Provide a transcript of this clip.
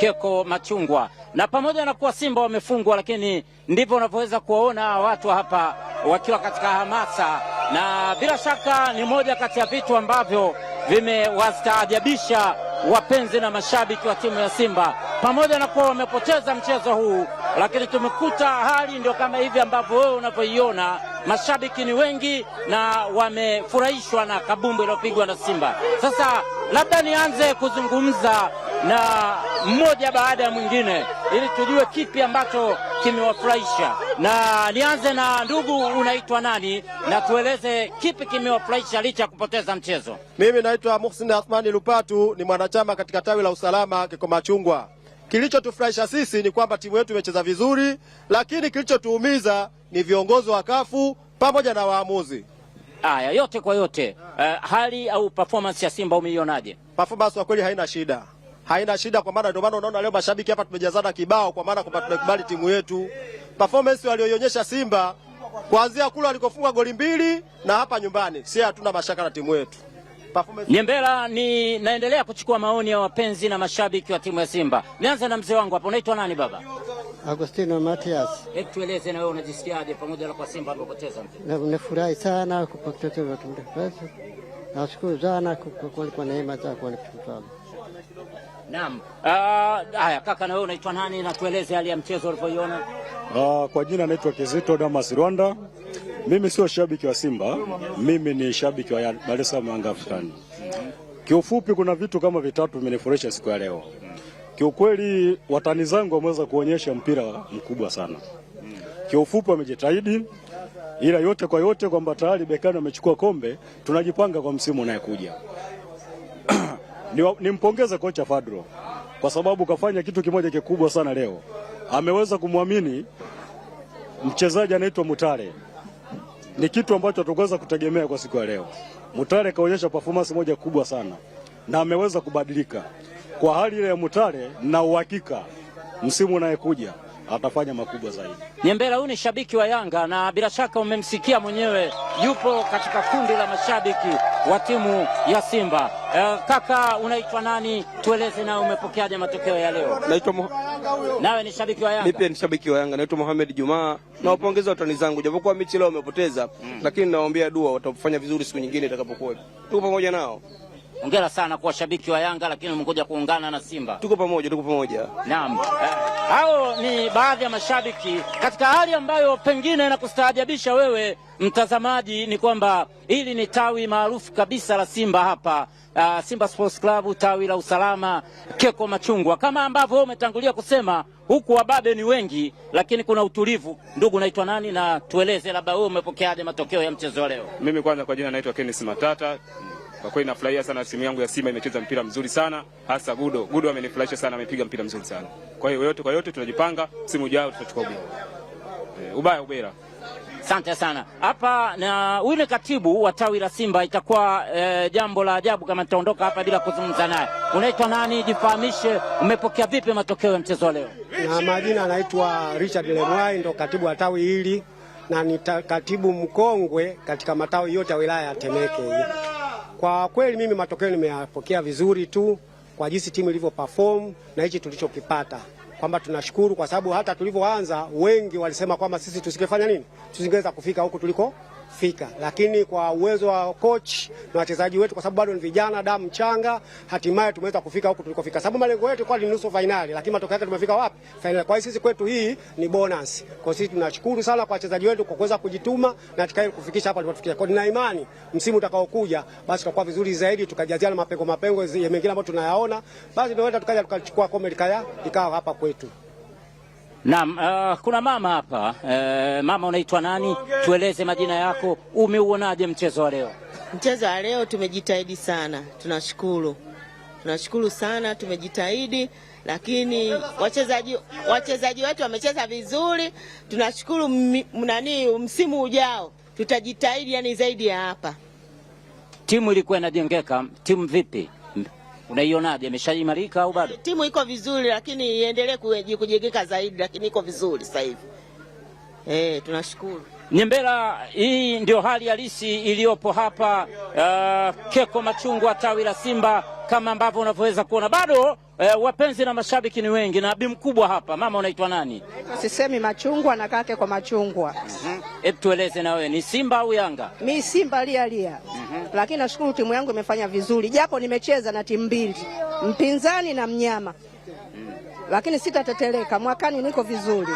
Keko Machungwa. Na pamoja na kuwa Simba wamefungwa, lakini ndivyo unavyoweza kuwaona watu hapa wakiwa katika hamasa, na bila shaka ni moja kati ya vitu ambavyo vimewastaajabisha wapenzi na mashabiki wa timu ya Simba. Pamoja na kuwa wamepoteza mchezo huu, lakini tumekuta hali ndio kama hivi ambavyo wewe unavyoiona. Mashabiki ni wengi na wamefurahishwa na kabumbu iliyopigwa na Simba. Sasa labda nianze kuzungumza na mmoja baada ya mwingine, ili tujue kipi ambacho kimewafurahisha. Na nianze na ndugu, unaitwa nani? Na tueleze kipi kimewafurahisha licha ya kupoteza mchezo. Mimi naitwa Muhsin Athmani Lupatu, ni mwanachama katika tawi la usalama machungwa Kilichotufurahisha sisi ni kwamba timu yetu imecheza vizuri, lakini kilichotuumiza ni viongozi wa kafu pamoja na waamuzi. Aya, yote kwa yote, uh, hali au performance ya Simba umeionaje? Performance kwa kweli haina shida haina shida, kwa maana ndio maana unaona leo mashabiki hapa tumejazana kibao, kwa maana kwamba tumekubali timu yetu. Performance walioionyesha Simba kuanzia kule walikofunga goli mbili na hapa nyumbani, si hatuna mashaka na timu yetu. Nyembela, ni naendelea kuchukua maoni ya wapenzi na mashabiki wa timu ya Simba. Nianze na mzee wangu hapo, unaitwa nani baba? Agostino Matias. Hebu tueleze na wewe unajisikiaje pamoja na kwa Simba amepoteza mchezo? Nafurahi sana kupata tuzo. Nashukuru sana kwa kwa neema zako. Naam. Ah, haya kaka na wewe unaitwa nani na tueleze hali ya mchezo ulivyoiona? Uh, kwa jina naitwa Kizito Damas Rwanda. Mimi sio shabiki wa Simba, mimi ni shabiki wa Dar es Salaam Yanga Africans. Kiufupi kuna vitu kama vitatu vimenifurahisha siku ya leo. Kiukweli watani zangu wameweza kuonyesha mpira mkubwa sana. Kiufupi wamejitahidi ila yote kwa yote kwamba tayari Bekani amechukua kombe, tunajipanga kwa msimu unayekuja nimpongeze ni kocha Fadro kwa sababu kafanya kitu kimoja kikubwa sana leo. Ameweza kumwamini mchezaji anaitwa Mutare, ni kitu ambacho hatukuweza kutegemea kwa siku ya leo. Mutare kaonyesha performance moja kubwa sana na ameweza kubadilika. Kwa hali ile ya Mutare na uhakika msimu unayekuja atafanya makubwa zaidi. Nyembela, huyu ni shabiki wa Yanga na bila shaka umemsikia mwenyewe, yupo katika kundi la mashabiki wa timu ya Simba. E, kaka unaitwa nani? Tueleze na umepokeaje matokeo ya leo? Naitwa Mo... nawe ni shabiki wa Yanga? Mimi pia ni shabiki wa Yanga, naitwa Mohamed Jumaa. Nawapongeza watani zangu, japokuwa mechi leo wamepoteza, mm. lakini nawaombea dua, watafanya vizuri siku nyingine itakapokuwa. Tuko pamoja nao. Hongera sana kwa shabiki wa Yanga, lakini umekuja kuungana na Simba. Tuko pamoja, tuko pamoja. Naam, eh, hao ni baadhi ya mashabiki katika hali ambayo pengine inakustaajabisha wewe mtazamaji ni kwamba hili ni tawi maarufu kabisa la Simba hapa uh, Simba Sports Club tawi la usalama keko machungwa. Kama ambavyo wewe umetangulia kusema, huku wababe ni wengi, lakini kuna utulivu. Ndugu, naitwa nani? Na tueleze labda wewe umepokeaje matokeo ya mchezo leo? Mimi kwanza, kwa jina naitwa Kenneth Matata. Kwa kweli nafurahia sana timu yangu ya Simba imecheza mpira mzuri sana, hasa Gudo. Gudo amenifurahisha sana, amepiga mpira mzuri sana. Kwa hiyo yote kwa yote tunajipanga, msimu ujao tutachukua ubingwa. E, ubaya ubera. Asante sana. Hapa na huyu ni katibu wa tawi la Simba. Itakuwa e, jambo la ajabu kama nitaondoka hapa bila kuzungumza naye. Unaitwa nani? Jifahamishe, umepokea vipi matokeo ya mchezo leo? Na majina anaitwa Richard Lemwai, ndo katibu wa tawi hili na ni katibu mkongwe katika matawi yote ya wilaya ya Temeke. Kwa kweli mimi matokeo nimeyapokea vizuri tu kwa jinsi timu ilivyo perform na hichi tulichokipata, kwamba tunashukuru kwa sababu hata tulivyoanza wengi walisema kwamba sisi tusingefanya nini, tusingeweza kufika huku tuliko fika, lakini kwa uwezo wa coach na wachezaji wetu, kwa sababu bado ni vijana, damu changa, hatimaye tumeweza kufika huku tulikofika, sababu malengo yetu kwa ni nusu finali, lakini matokeo yake tumefika wapi? Finali. Kwa hiyo sisi kwetu hii ni bonus. Kwa sisi tunashukuru sana kwa wachezaji wetu kwa kuweza kujituma na tukae kufikisha hapa tulipofikia. Kwa nina imani msimu utakaokuja basi tutakuwa vizuri zaidi, tukajaziana mapengo mapengo mengine ambayo tunayaona, basi tunaweza tukaja tukachukua kombe likaya ikawa hapa kwetu. Naam, uh, kuna mama hapa uh, mama unaitwa nani? Tueleze majina yako, umeuonaje mchezo wa leo? Mchezo wa leo tumejitahidi sana, tunashukuru, tunashukuru sana, tumejitahidi lakini wachezaji wachezaji wetu wamecheza vizuri, tunashukuru. Nani, msimu ujao tutajitahidi yani zaidi ya hapa. Timu ilikuwa inajengeka, timu vipi? Unaionaje, ameshaimarika au bado? Timu iko vizuri, lakini iendelee kujengeka zaidi, lakini iko vizuri sasa hivi. Eh, tunashukuru Nyembela. Hii ndio hali halisi iliyopo hapa uh, Keko Machungwa, tawi la Simba kama ambavyo unavyoweza kuona bado eh, wapenzi na mashabiki ni wengi, na bibi mkubwa hapa. Mama, unaitwa nani? Sisemi machungwa na kake kwa machungwa. mm hebu -hmm. Tueleze na wewe, ni Simba au Yanga? Mi Simba lia lia. mm -hmm. Lakini nashukuru timu yangu imefanya vizuri, japo nimecheza na timu mbili, mpinzani na mnyama mm. Lakini sitateteleka, mwakani niko vizuri.